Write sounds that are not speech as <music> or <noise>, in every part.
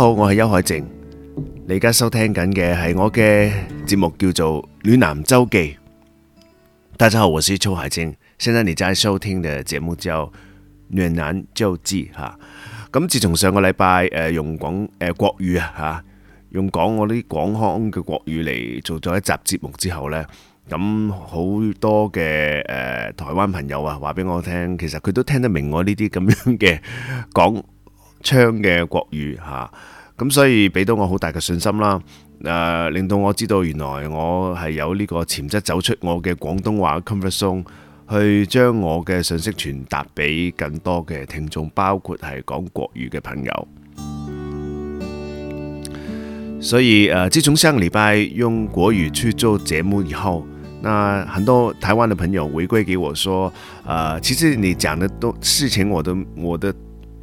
好，我係邱海靜，你而家收聽緊嘅係我嘅節目，叫做《暖男周記》。大家好，我係邱海靜，現在你再收聽嘅節目叫《暖男周記》吓。咁自從上個禮拜誒用廣誒國語啊吓，用講我啲廣腔嘅國語嚟做咗一集節目之後咧，咁好多嘅誒台灣朋友啊，話俾我聽，其實佢都聽得明我呢啲咁樣嘅講槍嘅國語吓，咁、啊、所以俾到我好大嘅信心啦，誒、啊、令到我知道原來我係有呢個潛質走出我嘅廣東話 comfort zone，去將我嘅信息傳達俾更多嘅聽眾，包括係講國語嘅朋友。所以誒、啊，自從上個禮拜用國語去做節目以後，那很多台灣嘅朋友回歸給我說，說、啊、誒，其實你講的都事情我都，我都我的。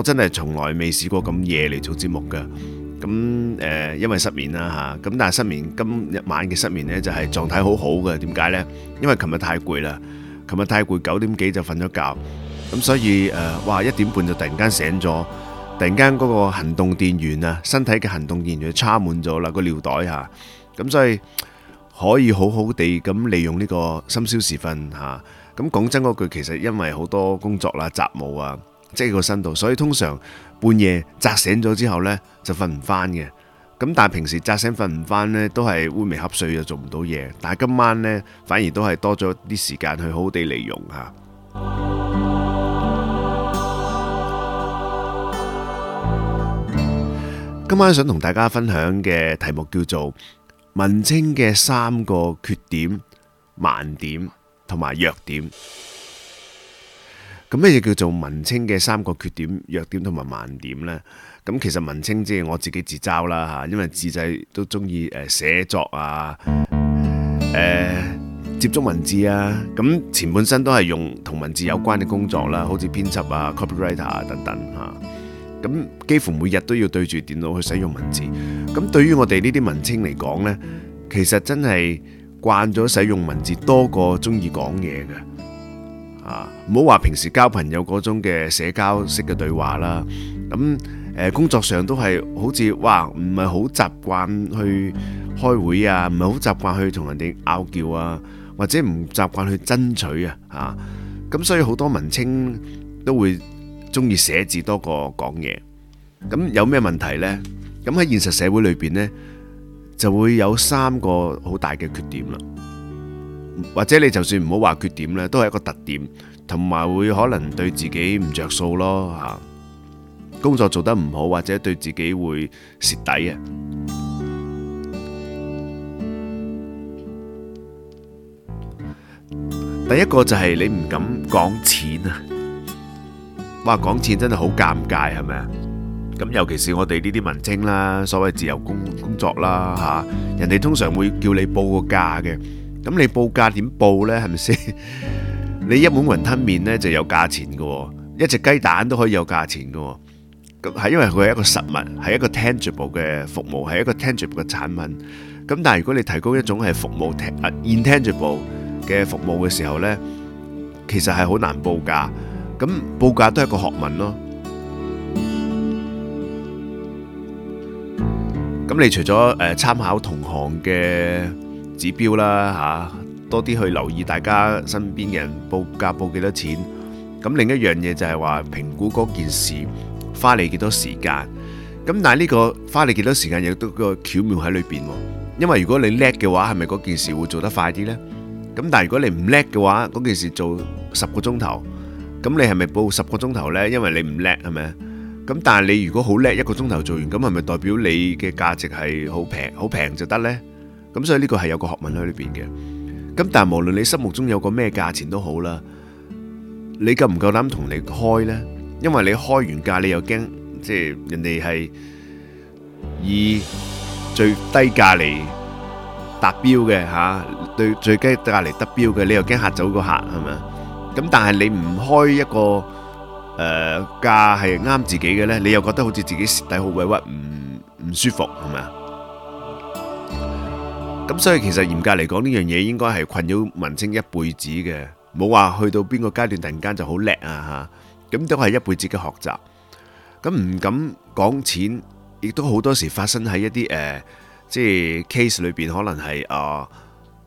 我真係從來未試過咁夜嚟做節目㗎，咁誒，因為失眠啦吓，咁但係失眠今日晚嘅失眠呢就係狀態好好嘅，點解呢？因為琴日太攰啦，琴日太攰，九點幾就瞓咗覺，咁所以誒，哇，一點半就突然間醒咗，突然間嗰個行動電源啊，身體嘅行動電源就插滿咗啦，個尿袋吓，咁所以可以好好地咁利用呢個深宵時分吓，咁講真嗰句，其實因為好多工作啦、雜務啊。即係個深度，所以通常半夜扎醒咗之後呢，就瞓唔返嘅。咁但係平時扎醒瞓唔返呢，都係烏眉瞌睡又做唔到嘢。但係今晚呢，反而都係多咗啲時間去好地利用吓。今晚想同大家分享嘅題目叫做《文青嘅三個缺點、盲點同埋弱點》。咁咩嘢叫做文青嘅三個缺點、弱點同埋盲點呢？咁其實文青即係我自己自嘲啦嚇，因為自細都中意誒寫作啊，誒接觸文字啊。咁前半生都係用同文字有關嘅工作啦，好似編輯啊、copywriter 啊等等嚇。咁幾乎每日都要對住電腦去使用文字。咁對於我哋呢啲文青嚟講呢，其實真係慣咗使用文字多過中意講嘢嘅。啊，唔好話平時交朋友嗰種嘅社交式嘅對話啦，咁誒工作上都係好似哇，唔係好習慣去開會啊，唔係好習慣去同人哋拗撬啊，或者唔習慣去爭取啊，吓，咁所以好多文青都會中意寫字多過講嘢，咁有咩問題呢？咁喺現實社會裏邊呢，就會有三個好大嘅缺點啦。或者你就算唔好話缺點呢，都係一個特點，同埋會可能對自己唔着數咯吓，工作做得唔好或者對自己會蝕底嘅。第一個就係你唔敢講錢啊！哇，講錢真係好尷尬，係咪啊？咁尤其是我哋呢啲文青啦，所謂自由工工作啦吓，人哋通常會叫你報個價嘅。咁你報價點報呢？係咪先？ <laughs> 你一碗雲吞麵呢就有價錢噶，一隻雞蛋都可以有價錢噶。咁係因為佢係一個實物，係一個 tangible 嘅服務，係一個 tangible 嘅產品。咁但係如果你提供一種係服務，intangible 嘅服務嘅時候呢，其實係好難報價。咁報價都係個學問咯。咁你除咗誒、呃、參考同行嘅？指標啦嚇，多啲去留意大家身邊嘅人報價報幾多錢。咁另一樣嘢就係話評估嗰件事花你幾多時間。咁但係呢個花你幾多時間有都個巧妙喺裏邊喎。因為如果你叻嘅話，係咪嗰件事會做得快啲呢？咁但係如果你唔叻嘅話，嗰件事做十個鐘頭，咁你係咪報十個鐘頭呢？因為你唔叻係咪？咁但係你如果好叻一個鐘頭做完，咁係咪代表你嘅價值係好平好平就得呢？咁所以呢個係有個學問喺裏邊嘅。咁但係無論你心目中有個咩價錢都好啦，你夠唔夠膽同你開呢？因為你開完價，你又驚即係人哋係以最低價嚟達標嘅吓，對最低價嚟達標嘅，你又驚嚇走個客係咪啊？咁但係你唔開一個誒價係啱自己嘅呢，你又覺得好似自己蝕底好委屈，唔唔舒服係咪啊？咁所以其實嚴格嚟講，呢樣嘢應該係困擾文青一輩子嘅，冇話去到邊個階段突然間就好叻啊吓，咁都係一輩子嘅學習。咁唔敢講錢，亦都好多時發生喺一啲誒、呃，即係 case 裏邊可能係啊、呃，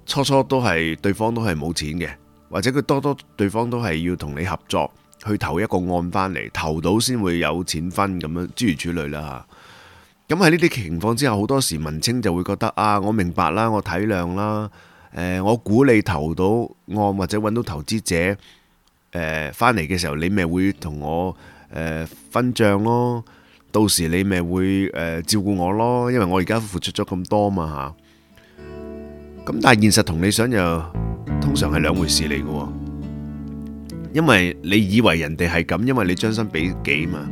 初初都係對方都係冇錢嘅，或者佢多多對方都係要同你合作去投一個案返嚟，投到先會有錢分咁樣諸如此類啦。咁喺呢啲情況之下，好多時文青就會覺得啊，我明白啦，我體諒啦，誒，我鼓勵投到案或者搵到投資者誒，翻嚟嘅時候，你咪會同我誒分賬咯。到時你咪會誒照顧我咯，因為我而家付出咗咁多嘛吓。咁但係現實同理想又通常係兩回事嚟嘅，因為你以為人哋係咁，因為你將心比己嘛。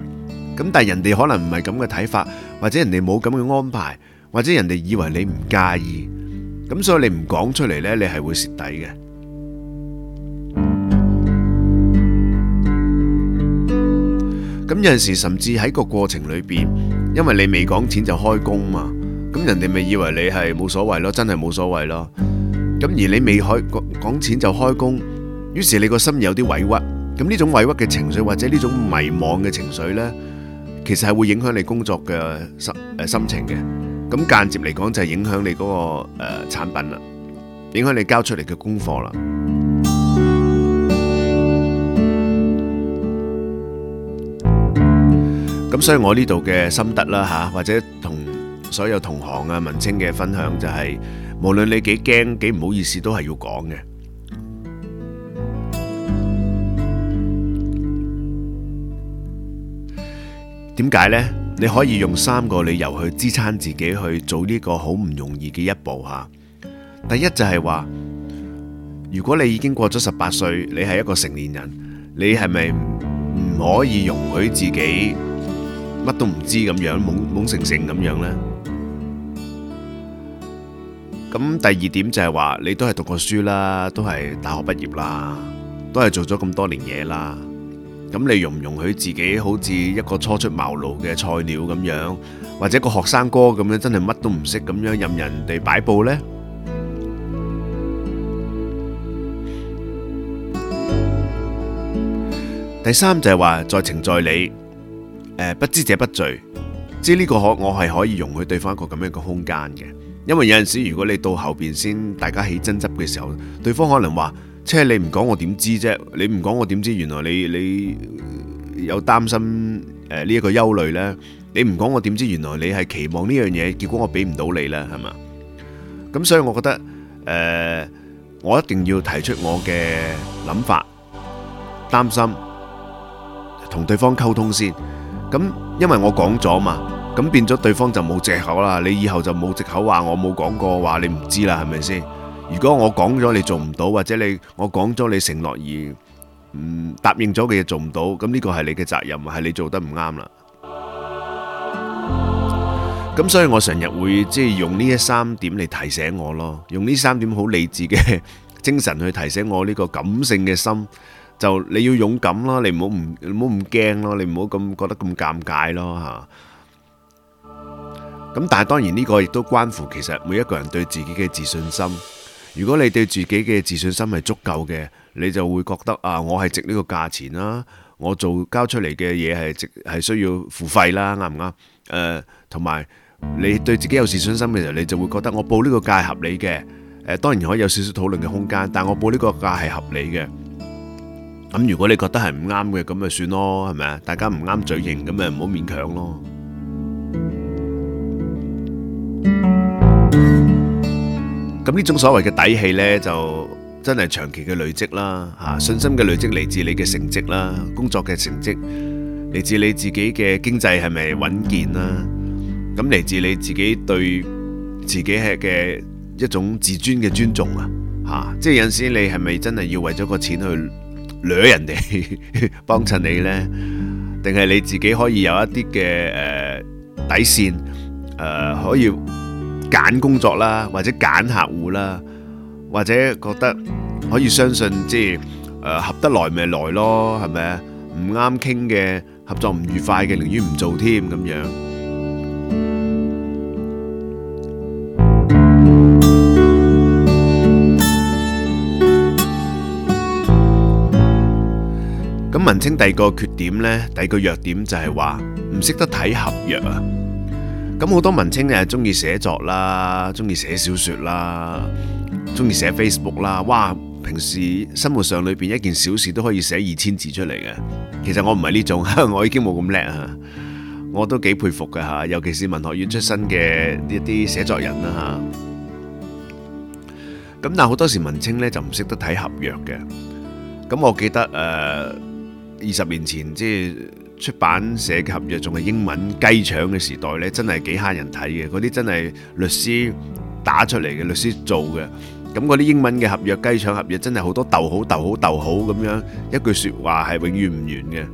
咁但係人哋可能唔係咁嘅睇法。或者人哋冇咁嘅安排，或者人哋以為你唔介意，咁所以你唔講出嚟呢，你係會蝕底嘅。咁有陣時甚至喺個過程裏邊，因為你未講錢就開工嘛，咁人哋咪以為你係冇所謂咯，真係冇所謂咯。咁而你未開講講錢就開工，於是你個心裡有啲委屈，咁呢種委屈嘅情緒或者呢種迷惘嘅情緒呢。其實係會影響你工作嘅心誒心情嘅，咁間接嚟講就係影響你嗰個誒產品啦，影響你交出嚟嘅功課啦。咁所以，我呢度嘅心得啦嚇，或者同所有同行啊、文青嘅分享就係，無論你幾驚幾唔好意思，都係要講嘅。點解呢？你可以用三個理由去支撐自己去做呢個好唔容易嘅一步吓。第一就係話，如果你已經過咗十八歲，你係一個成年人，你係咪唔可以容許自己乜都唔知咁樣懵懵成成咁樣呢？咁第二點就係話，你都係讀過書啦，都係大學畢業啦，都係做咗咁多年嘢啦。咁你容唔容許自己好似一個初出茅廬嘅菜鳥咁樣，或者個學生哥咁樣，真係乜都唔識咁樣任人哋擺佈呢？ <music> 第三就係話在情在理，不知者不罪，即係呢個可我係可以容許對方一個咁樣嘅空間嘅，因為有陣時如果你到後邊先大家起爭執嘅時候，對方可能話。即係你唔講我點知啫？你唔講我點知原來你你有擔心誒呢一個憂慮呢？你唔講我點知原來你係期望呢樣嘢？結果我俾唔到你啦，係嘛？咁所以我覺得誒，我一定要提出我嘅諗法、擔心同對方溝通先。咁因為我講咗嘛，咁變咗對方就冇藉口啦。你以後就冇藉口話我冇講過，話你唔知啦，係咪先？如果我講咗你做唔到，或者你我講咗你承諾而嗯答應咗嘅嘢做唔到，咁呢個係你嘅責任，係你做得唔啱啦。咁所以我成日會即係用呢一三點嚟提醒我咯，用呢三點好理智嘅精神去提醒我呢個感性嘅心，就你要勇敢啦，你唔好唔你唔好咁驚咯，你唔好咁覺得咁尷尬咯吓。咁但係當然呢個亦都關乎其實每一個人對自己嘅自信心。如果你對自己嘅自信心係足夠嘅，你就會覺得啊，我係值呢個價錢啦，我做交出嚟嘅嘢係值係需要付費啦，啱唔啱？誒，同埋你對自己有自信心嘅時候，你就會覺得我報呢個價係合理嘅。誒，當然可以有少少討論嘅空間，但係我報呢個價係合理嘅。咁如果你覺得係唔啱嘅，咁咪算咯，係咪啊？大家唔啱嘴型，咁咪唔好勉強咯。呢種所謂嘅底氣呢，就真係長期嘅累積啦嚇，信心嘅累積嚟自你嘅成績啦，工作嘅成績嚟自你自己嘅經濟係咪穩健啦？咁嚟自你自己對自己係嘅一種自尊嘅尊重啊嚇，即係有陣時你係咪真係要為咗個錢去掠人哋幫襯你呢？定係你自己可以有一啲嘅誒底線誒可以？揀工作啦，或者揀客戶啦，或者覺得可以相信，即係誒合得來咪來咯，係咪啊？唔啱傾嘅合作唔愉快嘅，寧願唔做添咁樣。咁文青第二個缺點呢，第二個弱點就係話唔識得睇合約啊。咁好多文青又係中意寫作啦，中意寫小說啦，中意寫 Facebook 啦，哇！平時生活上裏邊一件小事都可以寫二千字出嚟嘅。其實我唔係呢種，我已經冇咁叻啊，我都幾佩服嘅吓，尤其是文學院出身嘅呢啲寫作人啦吓。咁但係好多時文青呢就唔識得睇合約嘅。咁我記得誒，二十年前即係。出版社嘅合約仲係英文雞腸嘅時代咧，真係幾嚇人睇嘅。嗰啲真係律師打出嚟嘅，律師做嘅。咁嗰啲英文嘅合約雞腸合約，真係好多逗號逗號逗號咁樣，一句説話係永遠唔完嘅。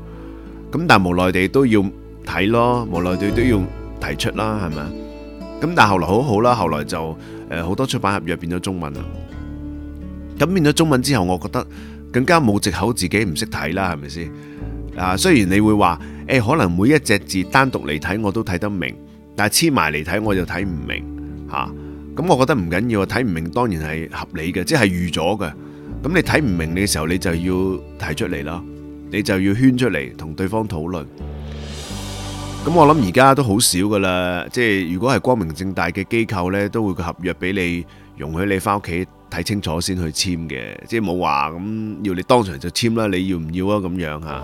咁但係無奈地都要睇咯，無奈地都要提出啦，係咪啊？咁但係後來好好啦，後來就誒好多出版合約變咗中文啦。咁變咗中文之後，我覺得更加冇藉口自己唔識睇啦，係咪先？啊，雖然你會話，誒、欸，可能每一隻字單獨嚟睇我都睇得明，但係黐埋嚟睇我就睇唔明吓。咁、啊、我覺得唔緊要，睇唔明當然係合理嘅，即係預咗嘅。咁你睇唔明嘅時候，你就要提出嚟啦，你就要圈出嚟同對方討論。咁我諗而家都好少噶啦，即係如果係光明正大嘅機構呢，都會合約俾你容許你翻屋企。睇清楚先去簽嘅，即係冇話咁要你當場就簽啦。你要唔要啊？咁樣吓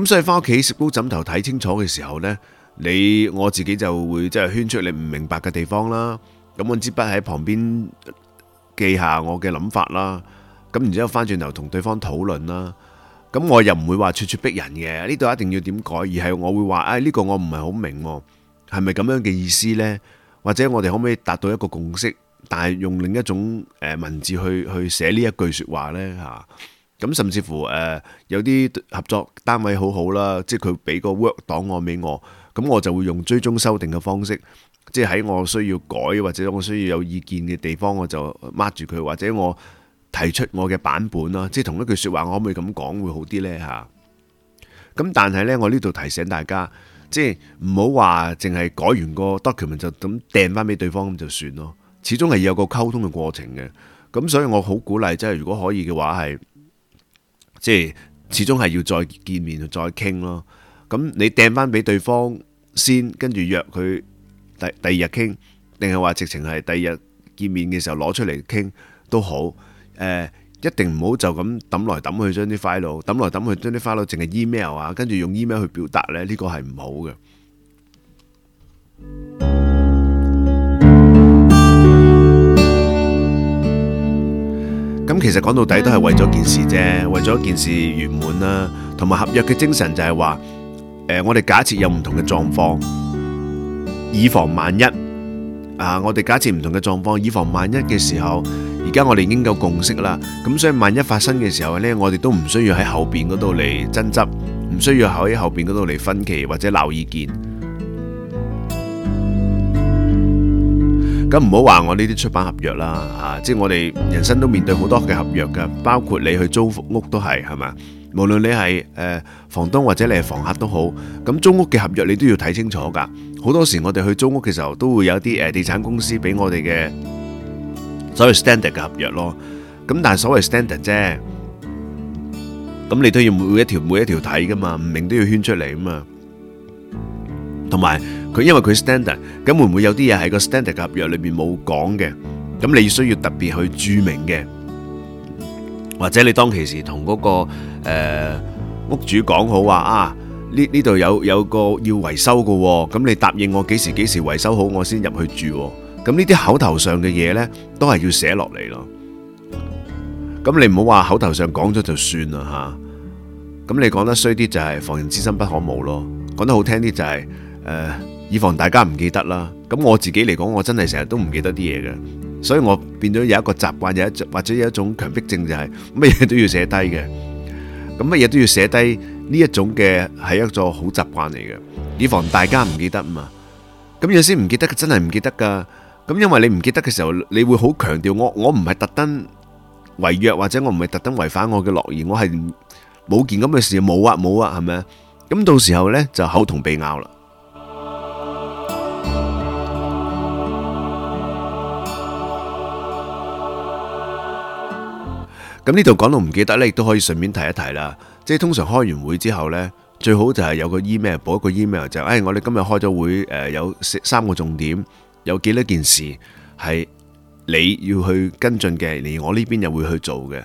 咁，所以翻屋企食煲枕頭睇清楚嘅時候呢，你我自己就會即係圈出你唔明白嘅地方啦。咁揾支筆喺旁邊記下我嘅諗法啦。咁然之後翻轉頭同對方討論啦。咁我又唔會話咄咄逼人嘅呢度一定要點改，而係我會話誒，呢個我唔係好明。係咪咁樣嘅意思呢？或者我哋可唔可以達到一個共識，但係用另一種誒文字去去寫呢一句説話呢？嚇、啊、咁甚至乎誒、呃、有啲合作單位好好啦，即係佢俾個 work 檔案俾我，咁我就會用追蹤修訂嘅方式，即係喺我需要改或者我需要有意見嘅地方，我就 mark 住佢，或者我提出我嘅版本啦。即係同一句説話，我可唔可以咁講會好啲呢？嚇、啊、咁但係呢，我呢度提醒大家。即係唔好話，淨係改完個 document 就咁掟翻俾對方咁就算咯。始終係有個溝通嘅過程嘅。咁所以我好鼓勵，即係如果可以嘅話，係即係始終係要再見面再傾咯。咁你掟翻俾對方先，跟住約佢第第二日傾，定係話直情係第二日見面嘅時候攞出嚟傾都好誒。呃一定唔好就咁抌來抌去將啲 file，抌來抌去將啲 file，淨係 email 啊，跟住用 email 去表達咧，呢個係唔好嘅。咁其實講到底都係為咗件事啫，為咗件事圓滿啦，同埋合約嘅精神就係話，誒，我哋假設有唔同嘅狀況，以防萬一。啊，我哋假設唔同嘅狀況，以防萬一嘅時候。而家我哋已經夠共識啦，咁所以萬一發生嘅時候呢，我哋都唔需要喺後邊嗰度嚟爭執，唔需要喺後邊嗰度嚟分歧或者鬧意見。咁唔好話我呢啲出版合約啦，啊，即係我哋人生都面對好多嘅合約噶，包括你去租屋都係，係嘛？無論你係誒房東或者你係房客都好，咁租屋嘅合約你都要睇清楚噶。好多時我哋去租屋嘅時候，都會有啲誒地產公司俾我哋嘅，所謂 standard 嘅合約咯，咁但係所謂 standard 啫，咁你都要每一條每一條睇噶嘛，唔明都要圈出嚟啊嘛。同埋佢因為佢 standard，咁會唔會有啲嘢係個 standard 合約裏面冇講嘅？咁你需要特別去註明嘅，或者你當其時同嗰個誒屋主講好話啊，呢呢度有有個要維修噶喎，咁你答應我幾時幾時維修好，我先入去住。咁呢啲口頭上嘅嘢呢，都係要寫落嚟咯。咁你唔好話口頭上講咗就算啦吓。咁、啊、你講得衰啲就係、是、「防人之心不可冇」咯。講得好聽啲就係、是、誒、呃，以防大家唔記得啦。咁我自己嚟講，我真係成日都唔記得啲嘢嘅，所以我變咗有一個習慣，有一或者有一種強迫症就係乜嘢都要寫低嘅。咁乜嘢都要寫低呢一種嘅係一個好習慣嚟嘅，以防大家唔記得嘛。咁有時唔記得真係唔記得噶。咁因為你唔記得嘅時候，你會好強調我，我唔係特登違約，或者我唔係特登違反我嘅諾言，我係冇件咁嘅事，冇啊冇啊，係咪啊？咁到時候咧就口同鼻拗啦。咁呢度講到唔記得咧，亦都可以順便提一提啦。即係通常開完會之後咧，最好就係有個 email，補一個 email 就係，我哋今日開咗會，誒有三三個重點。有幾多件事係你要去跟進嘅，而我呢邊又會去做嘅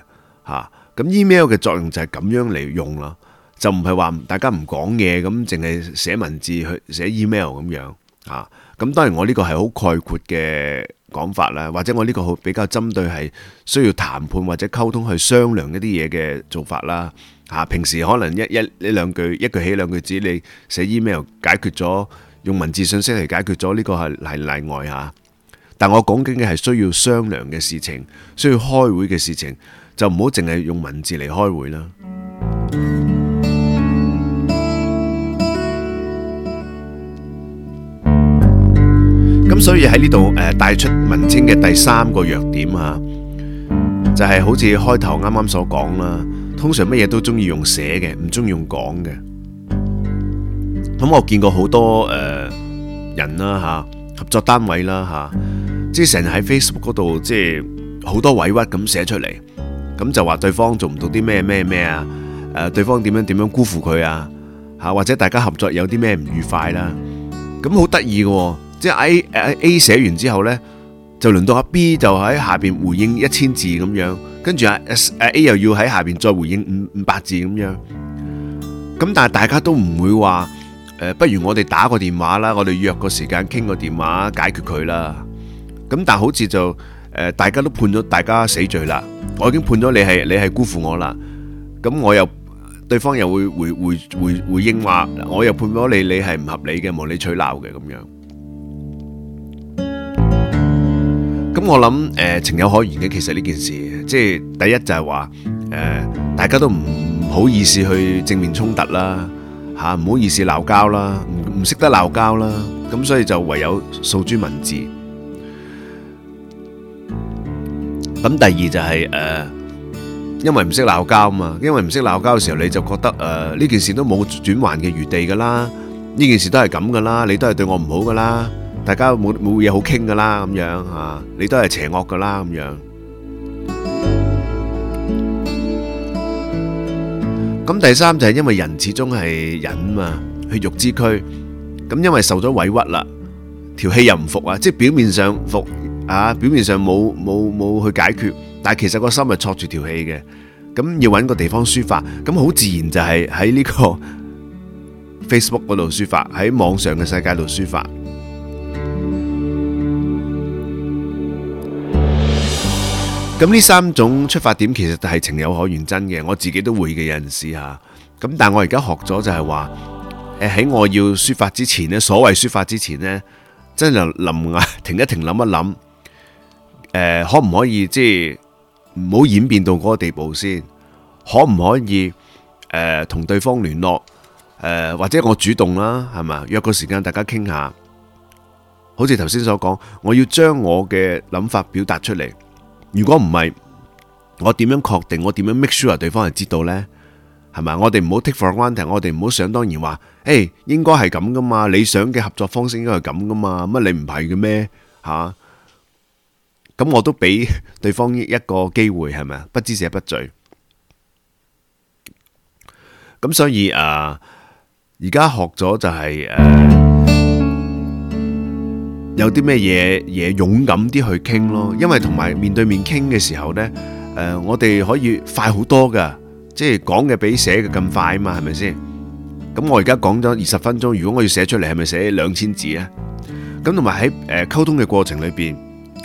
嚇。咁 email 嘅作用就係咁樣嚟用啦，就唔係話大家唔講嘢咁，淨係寫文字去寫 email 咁樣嚇。咁當然我呢個係好概括嘅講法啦，或者我呢個好比較針對係需要談判或者溝通去商量一啲嘢嘅做法啦嚇。平時可能一一呢兩句一句起兩句止，你寫 email 解決咗。用文字信息嚟解決咗，呢個係係例外嚇，但係我講緊嘅係需要商量嘅事情，需要開會嘅事情，就唔好淨係用文字嚟開會啦。咁所以喺呢度誒帶出文青嘅第三個弱點嚇，就係好似開頭啱啱所講啦，通常乜嘢都中意用寫嘅，唔中意用講嘅。咁我見過好多誒人啦，嚇合作單位啦，嚇即係成日喺 Facebook 嗰度，即係好多委屈咁寫出嚟，咁就話對方做唔到啲咩咩咩啊，誒，對方點樣點樣辜負佢啊，嚇或者大家合作有啲咩唔愉快啦。咁好得意嘅，即係 A 誒 A 寫完之後咧，就輪到阿 B 就喺下邊回應一千字咁樣，跟住阿誒 A 又要喺下邊再回應五五百字咁樣。咁但係大家都唔會話。誒，不如我哋打個電話啦，我哋約個時間傾個電話解決佢啦。咁但係好似就誒，大家都判咗大家死罪啦，我已經判咗你係你係辜負我啦。咁我又對方又會回回回回應話，我又判咗你你係唔合理嘅無理取鬧嘅咁樣。咁我諗誒情有可原嘅，其實呢件事即係第一就係話誒，大家都唔好意思去正面衝突啦。吓、啊、唔好意思鬧交啦，唔唔識得鬧交啦，咁所以就唯有訴諸文字。咁第二就係、是、誒、呃，因為唔識鬧交啊嘛，因為唔識鬧交嘅時候，你就覺得誒呢、呃、件事都冇轉圜嘅餘地噶啦，呢件事都係咁噶啦，你都係對我唔好噶啦，大家冇冇嘢好傾噶啦，咁樣啊，你都係邪惡噶啦，咁樣。咁第三就係因為人始終係人嘛，血肉之軀，咁因為受咗委屈啦，條氣又唔服啊，即係表面上服啊，表面上冇冇冇去解決，但係其實個心係挫住條氣嘅，咁要搵個地方抒發，咁好自然就係喺呢個 Facebook 嗰度抒發，喺網上嘅世界度抒發。咁呢三種出發點其實係情有可原真嘅，我自己都會嘅有陣時吓。咁但係我而家學咗就係話，喺我要說話之前咧，所謂說話之前呢，真係諗啊，停一停諗一諗，可唔可以即係唔好演變到嗰個地步先？可唔可以同、呃、對方聯絡、呃？或者我主動啦，係嘛，約個時間大家傾下。好似頭先所講，我要將我嘅諗法表達出嚟。如果唔係，我點樣確定？我點樣 make sure 對方係知道呢，係咪？我哋唔好 take for granted，我哋唔好想當然話，誒、欸，應該係咁噶嘛？理想嘅合作方式應該係咁噶嘛？乜你唔係嘅咩？吓、啊，咁我都俾對方一個機會，係咪？不知者不罪。咁所以誒，而、呃、家學咗就係、是、誒。呃有啲咩嘢嘢勇敢啲去傾咯，因為同埋面對面傾嘅時候呢，誒我哋可以快好多噶，即係講嘅比寫嘅更快啊嘛，係咪先？咁我而家講咗二十分鐘，如果我要寫出嚟，係咪寫兩千字啊？咁同埋喺誒溝通嘅過程裏邊，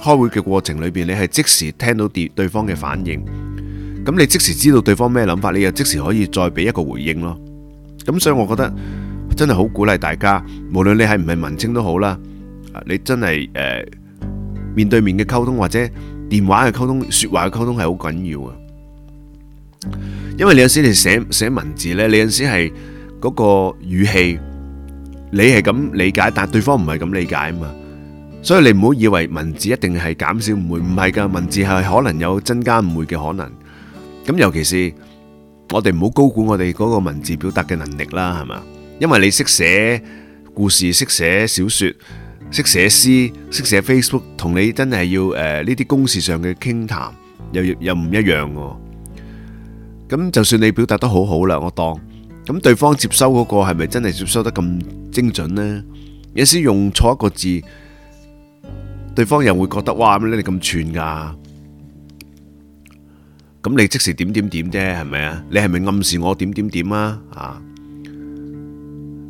開會嘅過程裏邊，你係即時聽到對對方嘅反應，咁你即時知道對方咩諗法，你又即時可以再俾一個回應咯。咁所以我覺得真係好鼓勵大家，無論你係唔係文青都好啦。你真係誒，面對面嘅溝通或者電話嘅溝通、說話嘅溝通係好緊要啊！因為你有時你寫寫文字呢，你有陣時係嗰個語氣，你係咁理解，但係對方唔係咁理解啊嘛。所以你唔好以為文字一定係減少誤會，唔係噶，文字係可能有增加誤會嘅可能。咁尤其是我哋唔好高估我哋嗰個文字表達嘅能力啦，係嘛？因為你識寫故事，識寫小說。識寫詩，識寫 Facebook，同你真係要誒呢啲公事上嘅傾談，又又唔一樣。咁就算你表達得好好啦，我當咁對方接收嗰個係咪真係接收得咁精準咧？有時用錯一個字，對方又會覺得哇咁你咁串噶，咁你即時點點點啫，係咪啊？你係咪暗示我點點點啊？啊，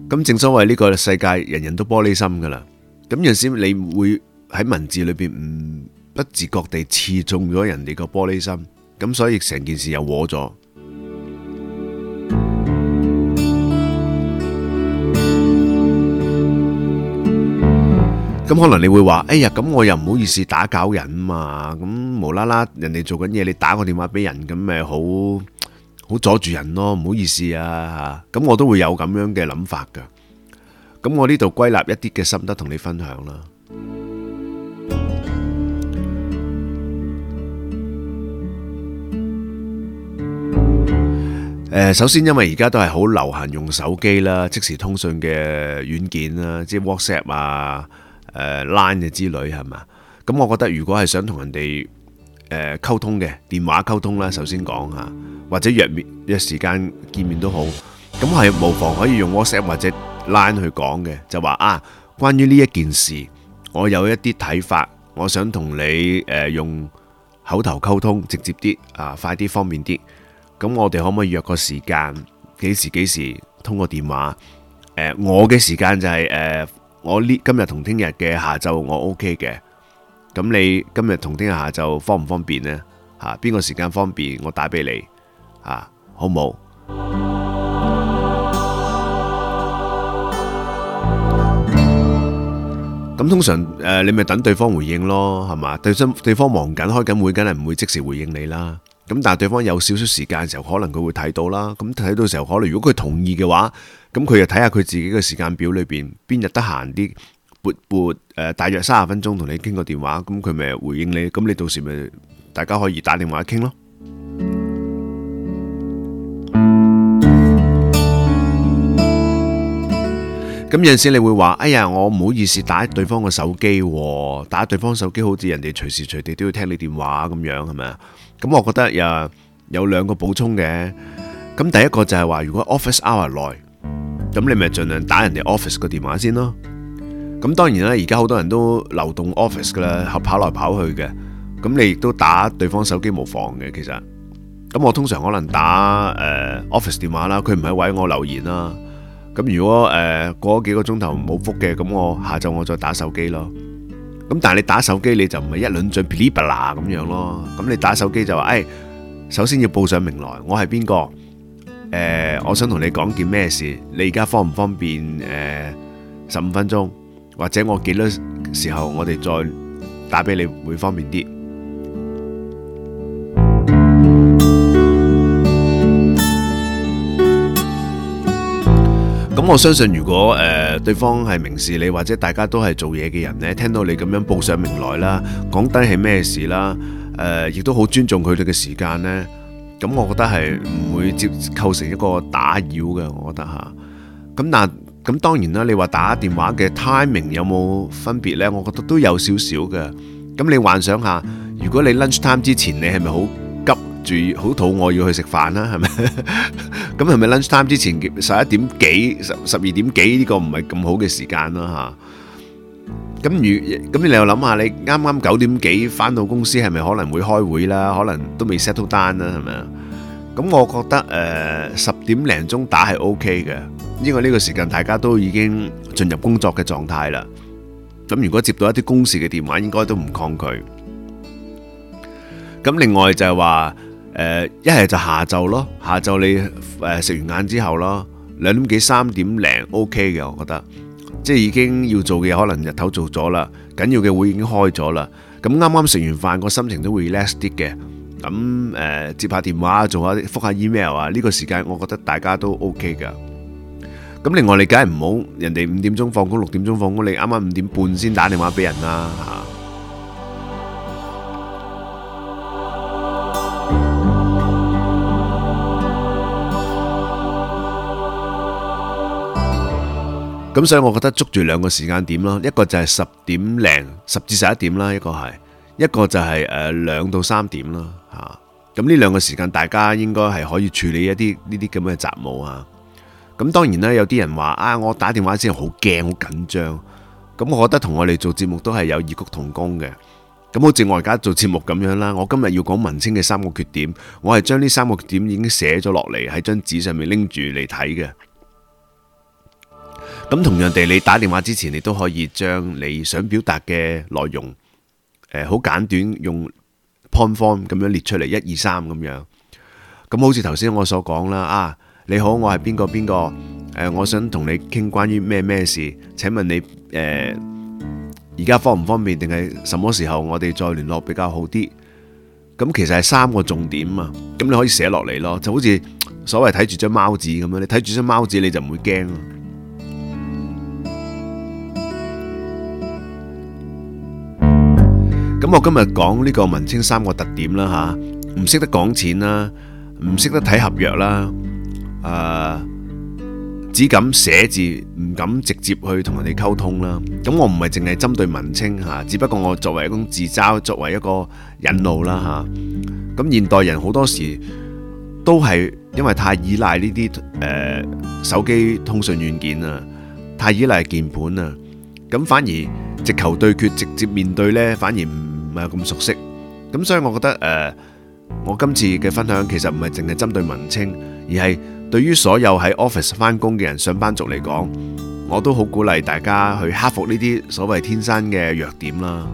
咁正所謂呢個世界人人都玻璃心噶啦。咁有陣時你會喺文字裏邊唔不自覺地刺中咗人哋個玻璃心，咁所以成件事又禍咗。咁可能你會話：哎呀，咁我又唔好意思打攪人嘛。咁無啦啦，人哋做緊嘢，你打個電話俾人，咁咪好好阻住人咯。唔好意思啊，吓。咁我都會有咁樣嘅諗法噶。咁我呢度歸納一啲嘅心得同你分享啦。誒，首先因為而家都係好流行用手機啦，即時通訊嘅軟件啦，即係 WhatsApp 啊、誒 Line 嘅之類係嘛。咁我覺得如果係想同人哋誒溝通嘅電話溝通啦，首先講下，或者約面約時間見面都好，咁係無妨可以用 WhatsApp 或者。line 去講嘅就話啊，關於呢一件事，我有一啲睇法，我想同你誒、呃、用口頭溝通，直接啲啊，快啲方便啲。咁我哋可唔可以約個時間？幾時幾時通過電話？我嘅時間就係誒，我呢、就是呃、今日同聽日嘅下晝我 OK 嘅。咁你今日同聽日下晝方唔方便呢？吓、啊，邊個時間方便，我打俾你啊，好唔好？咁通常，誒、呃、你咪等對方回應咯，係嘛？對方對方忙緊，開緊會，梗係唔會即時回應你啦。咁但係對方有少少時間嘅時候，可能佢會睇到啦。咁睇到嘅時候，可能如果佢同意嘅話，咁佢又睇下佢自己嘅時間表裏邊邊日得閒啲，撥撥誒、呃、大約三十分鐘同你傾個電話，咁佢咪回應你。咁你到時咪大家可以打電話傾咯。咁有陣時你會話，哎呀，我唔好意思打對方個手機，打對方手機好似人哋隨時隨地都要聽你電話咁樣，係咪啊？咁我覺得啊有兩個補充嘅。咁第一個就係話，如果 office hour 內，咁你咪盡量打人哋 office 個電話先咯。咁當然啦，而家好多人都流動 office 噶啦，合跑來跑去嘅，咁你亦都打對方手機無妨嘅。其實，咁我通常可能打誒 office 電話啦，佢唔係為我留言啦。咁如果誒過幾個鐘頭冇復嘅，咁我下晝我再打手機咯。咁但係你打手機，你就唔係一輪嘴噼里啪啦咁樣咯。咁你打手機就話，誒首先要報上名來，我係邊個？誒我想同你講件咩事，你而家方唔方便？誒十五分鐘，或者我幾多時候我哋再打俾你會方便啲。我相信如果誒、呃、對方係明事你，或者大家都係做嘢嘅人咧，聽到你咁樣報上名來啦，講得係咩事啦，誒、呃、亦都好尊重佢哋嘅時間呢。咁我覺得係唔會接構成一個打擾嘅，我覺得吓，咁但咁當然啦，你話打電話嘅 timing 有冇分別呢？我覺得都有少少嘅。咁你幻想下，如果你 lunch time 之前你係咪好？注意好肚餓要去食飯啦，係咪？咁係咪 lunch time，之前十一點幾十十二點幾，呢個唔係咁好嘅時間啦嚇。咁如，咁你又諗下，你啱啱九點幾翻到公司，係咪可能會開會啦？可能都未 settle 單啦，係咪啊？咁我覺得誒，十點零鐘打係 OK 嘅，因為呢個時間大家都已經進入工作嘅狀態啦。咁如果接到一啲公事嘅電話，應該都唔抗拒。咁另外就係話。誒，一係就下晝咯，下晝你誒食完晏之後咯，兩點幾三點零 OK 嘅，我覺得，即係已經要做嘅可能日頭做咗啦，緊要嘅會已經開咗啦，咁啱啱食完飯個心情都會 relax 啲嘅，咁、嗯、誒接下電話做下覆下 email 啊，呢個時間我覺得大家都 OK 噶咁另外你梗係唔好人哋五點鐘放工六點鐘放工，你啱啱五點半先打電話俾人啦吓。咁所以我覺得捉住兩個時間點咯，一個就係十點零十至十一點啦，一個係一個就係誒兩到三點啦吓。咁呢兩個時間大家應該係可以處理一啲呢啲咁嘅雜務啊。咁當然啦，有啲人話啊，我打電話先好驚好緊張。咁我覺得同我哋做節目都係有異曲同工嘅。咁好似我而家做節目咁樣啦，我今日要講文青嘅三個缺點，我係將呢三個點已經寫咗落嚟喺張紙上面拎住嚟睇嘅。咁同樣地，你打電話之前，你都可以將你想表達嘅內容，誒，好簡短，用 point form 咁樣列出嚟，一二三咁樣。咁好似頭先我所講啦，啊，你好，我係邊個邊個，誒，我想同你傾關於咩咩事，請問你誒而家方唔方便，定係什麼時候我哋再聯絡比較好啲？咁其實係三個重點啊，咁你可以寫落嚟咯，就好似所謂睇住張貓紙咁樣，你睇住張貓紙你就唔會驚咯。咁我今日講呢個文青三個特點啦吓，唔識得講錢啦，唔識得睇合約啦，誒，只敢寫字，唔敢直接去同人哋溝通啦。咁我唔係淨係針對文青吓，只不過我作為一種自嘲，作為一個引路啦吓。咁現代人好多時都係因為太依賴呢啲誒手機通訊軟件啊，太依賴鍵盤啊，咁反而。直球對決，直接面對呢，反而唔係咁熟悉。咁所以我覺得誒，我今次嘅分享其實唔係淨係針對文青，而係對於所有喺 office 返工嘅人，上班族嚟講，我都好鼓勵大家去克服呢啲所謂天生嘅弱點啦。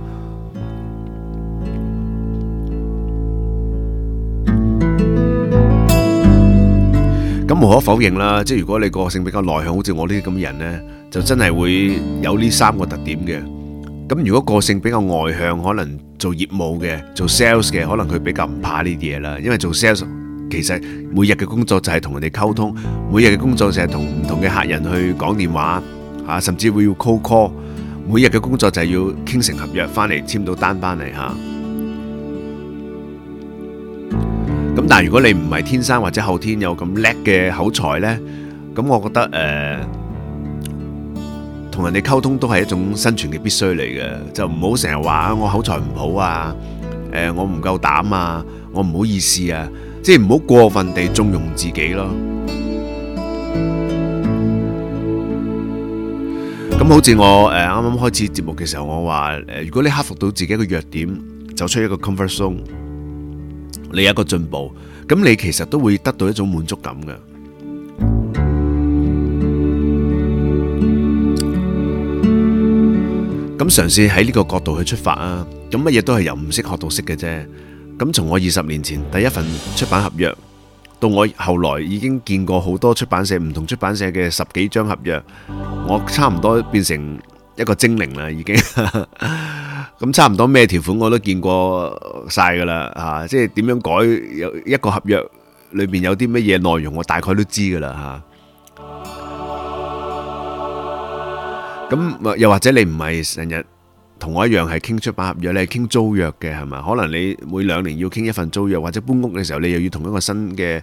咁無可否認啦，即係如果你個性比較內向，好似我呢啲咁嘅人呢，就真係會有呢三個特點嘅。咁如果個性比較外向，可能做業務嘅、做 sales 嘅，可能佢比較唔怕呢啲嘢啦。因為做 sales 其實每日嘅工作就係同人哋溝通，每日嘅工作就係同唔同嘅客人去講電話，嚇，甚至會要 call call。每日嘅工作就係要傾成合約，返嚟簽到單返嚟嚇。咁但係如果你唔係天生或者後天有咁叻嘅口才呢，咁我覺得誒。同人哋溝通都係一種生存嘅必須嚟嘅，就唔好成日話我口才唔好啊，誒，我唔夠膽啊，我唔好意思啊，即係唔好過分地縱容自己咯。咁好似我誒，啱啱開始節目嘅時候，我話誒，如果你克服到自己嘅弱點，走出一個 comfort zone，你有一個進步，咁你其實都會得到一種滿足感嘅。咁嘗試喺呢個角度去出發呀，咁乜嘢都係由唔識學到識嘅啫。咁從我二十年前第一份出版合約，到我後來已經見過好多出版社，唔同出版社嘅十幾張合約，我差唔多變成一個精靈啦已經。咁差唔多咩條款我都見過晒㗎啦，即係點樣改一個合約，裏面有啲乜嘢內容我大概都知㗎啦。 <laughs> 咁又或者你唔係成日同我一樣係傾出百合約，你係傾租約嘅係咪？可能你每兩年要傾一份租約，或者搬屋嘅時候你又要同一個新嘅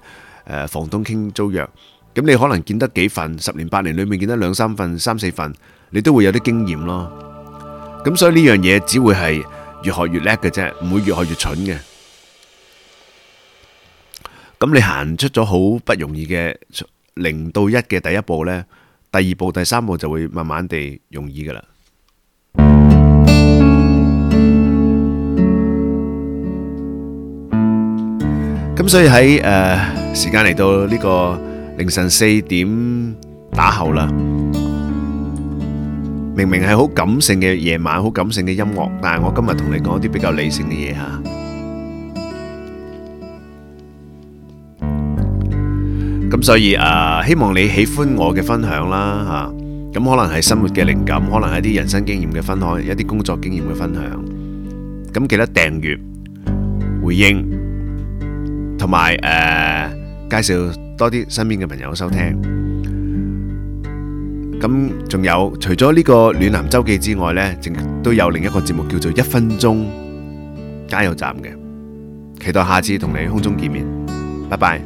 誒房東傾租約。咁你可能見得幾份，十年八年裏面見得兩三份，三四份，你都會有啲經驗咯。咁所以呢樣嘢只會係越學越叻嘅啫，唔會越學越蠢嘅。咁你行出咗好不容易嘅零到一嘅第一步呢。第二步、第三步就會慢慢地容易噶啦。咁所以喺誒時間嚟到呢個凌晨四點打後啦。明明係好感性嘅夜晚，好感性嘅音樂，但係我今日同你講一啲比較理性嘅嘢吓。咁所以啊。希望你喜歡我嘅分享啦，吓咁可能係生活嘅靈感，可能係一啲人生經驗嘅分享，一啲工作經驗嘅分享。咁記得訂閱、回應同埋誒介紹多啲身邊嘅朋友收聽。咁仲有除咗呢個暖男周記之外呢，仲都有另一個節目叫做一分鐘加油站嘅。期待下次同你空中見面，拜拜。